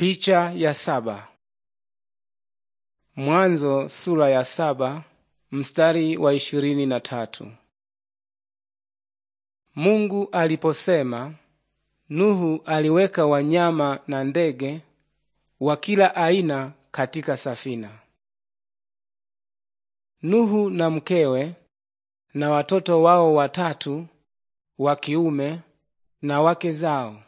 Picha ya saba. Mwanzo sura ya saba mstari wa ishirini na tatu. Mungu aliposema, Nuhu aliweka wanyama na ndege wa kila aina katika safina. Nuhu na mkewe na watoto wao watatu wa kiume na wake zao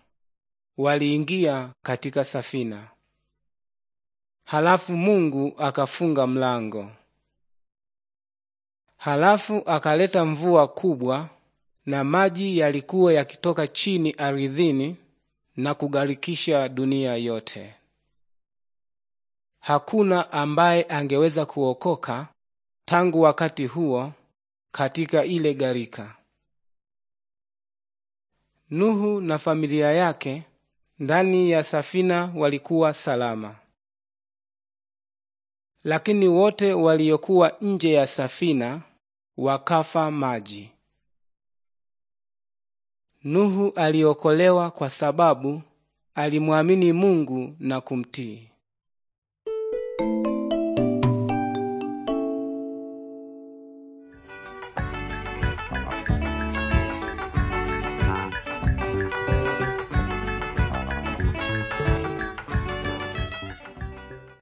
waliingia katika safina. Halafu Mungu akafunga mlango. Halafu akaleta mvua kubwa, na maji yalikuwa yakitoka chini aridhini na kugharikisha dunia yote. Hakuna ambaye angeweza kuokoka tangu wakati huo katika ile gharika. Nuhu na familia yake ndani ya safina walikuwa salama, lakini wote waliokuwa nje ya safina wakafa maji. Nuhu aliokolewa kwa sababu alimwamini Mungu na kumtii.